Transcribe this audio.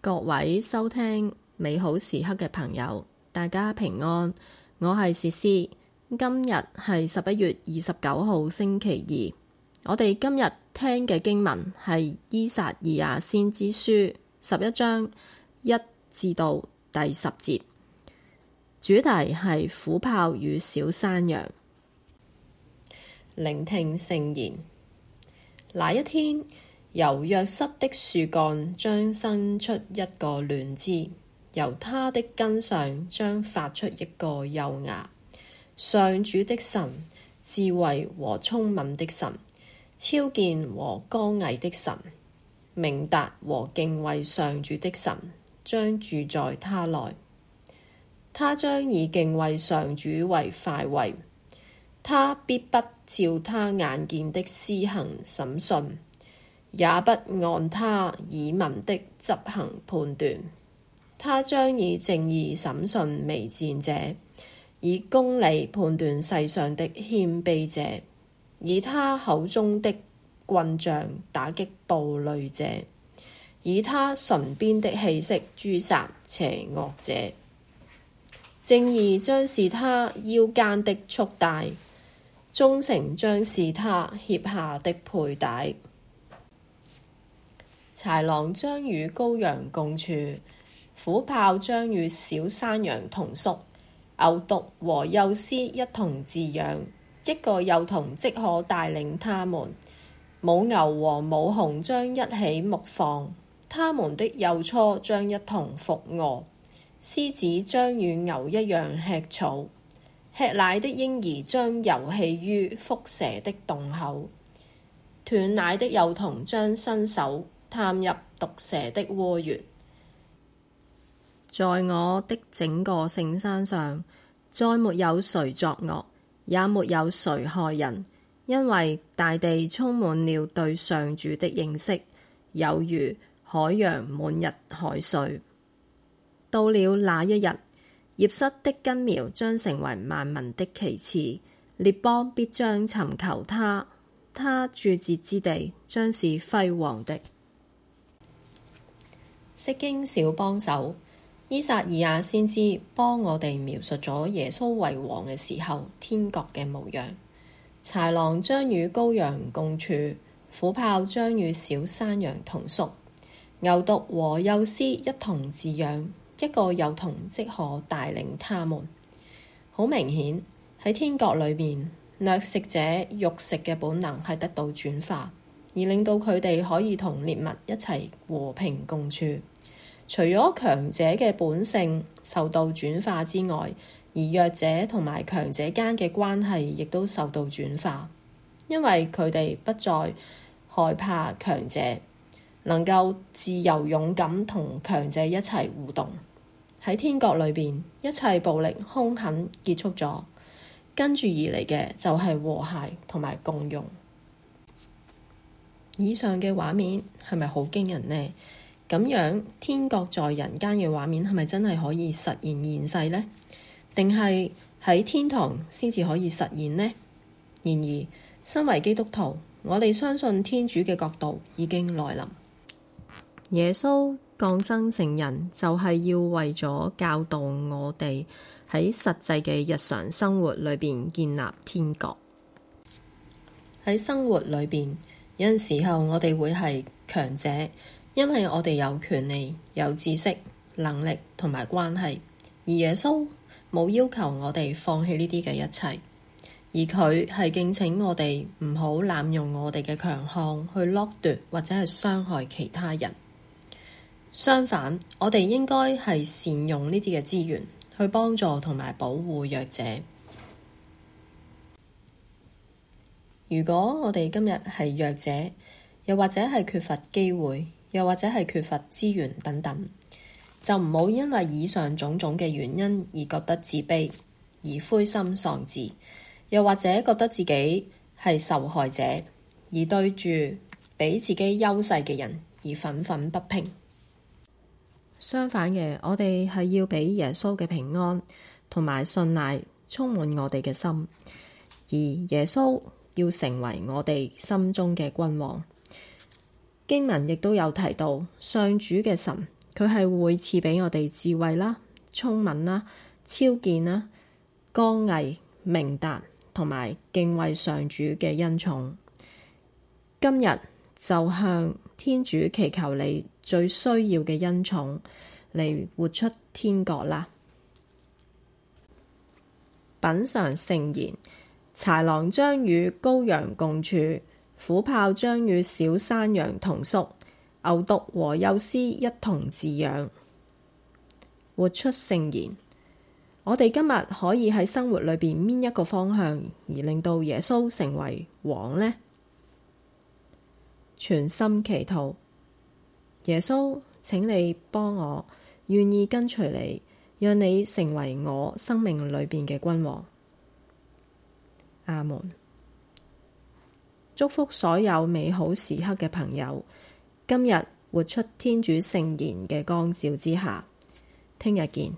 各位收聽美好時刻嘅朋友，大家平安，我係詩詩。E, 今日係十一月二十九號星期二，我哋今日聽嘅經文係《依撒意亞先知書》十一章一至到第十節，主題係虎豹與小山羊。聆聽聖言，那一天。由葉瑟的樹幹將生出一個嫩枝，由它的根上將發出一個幼芽。上主的神，智慧和聰敏的神，超見和剛毅的神，明達和敬畏上主的神，將住在他內。他將以敬畏上主為快慰，他必不照他眼見的施行審訊。也不按他耳聞的執行判斷，他將以正義審訊微賤者，以公理判斷世上的謙卑者，以他口中的棍杖打擊暴戾者，以他唇邊的氣息誅殺邪惡者。正義將是他腰間的束帶，忠誠將是他脅下的佩帶。豺狼將與羔羊共處，虎豹將與小山羊同宿，牛犢和幼獅一同飼養，一個幼童即可帶領他們。母牛和母熊將一起牧放，他們的幼雛將一同伏臥。獅子將與牛一樣吃草，吃奶的嬰兒將遊戲於蝮蛇的洞口，斷奶的幼童將伸手。探入毒蛇的窩穴，在我的整個聖山上，再沒有誰作惡，也沒有誰害人，因為大地充滿了對上主的認識，有如海洋滿溢海水。到了那一日，葉瑟的根苗將成為萬民的旗幟，列邦必將尋求他，他駐節之地將是輝煌的。釋經小幫手，依撒意亞先知幫我哋描述咗耶穌為王嘅時候，天國嘅模樣。豺狼將與羔羊共處，虎豹將與小山羊同宿，牛犢和幼獅一同飼養，一個幼童即可帶領他們。好明顯喺天國裏面，掠食者肉食嘅本能係得到轉化。而令到佢哋可以同獵物一齊和平共處，除咗強者嘅本性受到轉化之外，而弱者同埋強者間嘅關係亦都受到轉化，因為佢哋不再害怕強者，能夠自由勇敢同強者一齊互動。喺天國裏邊，一切暴力兇狠結束咗，跟住而嚟嘅就係和諧同埋共融。以上嘅畫面係咪好驚人呢？咁樣，天國在人間嘅畫面係咪真係可以實現現世呢？定係喺天堂先至可以實現呢？然而，身為基督徒，我哋相信天主嘅國度已經來臨。耶穌降生成人就係要為咗教導我哋喺實際嘅日常生活裏邊建立天國。喺生活裏邊。有陣時候我哋會係強者，因為我哋有權利、有知識、能力同埋關係。而耶穌冇要求我哋放棄呢啲嘅一切，而佢係邀請我哋唔好濫用我哋嘅強項去剝奪或者係傷害其他人。相反，我哋應該係善用呢啲嘅資源去幫助同埋保護弱者。如果我哋今日係弱者，又或者係缺乏機會，又或者係缺乏資源等等，就唔好因為以上種種嘅原因而覺得自卑而灰心喪志，又或者覺得自己係受害者而對住比自己有優勢嘅人而憤憤不平。相反嘅，我哋係要畀耶穌嘅平安同埋信賴充滿我哋嘅心，而耶穌，要成為我哋心中嘅君王，經文亦都有提到，上主嘅神，佢係會賜俾我哋智慧啦、聰敏啦、超見啦、剛毅、明達，同埋敬畏上主嘅恩寵。今日就向天主祈求你最需要嘅恩寵，嚟活出天國啦。品嘗聖言。豺狼將與羔羊共處，虎豹將與小山羊同宿，牛犢和幼獅一同飼養，活出聖言。我哋今日可以喺生活裏邊邊一個方向，而令到耶穌成為王呢？全心祈禱，耶穌，請你幫我，願意跟隨你，讓你成為我生命裏邊嘅君王。阿門！祝福所有美好時刻嘅朋友，今日活出天主聖言嘅光照之下，聽日見。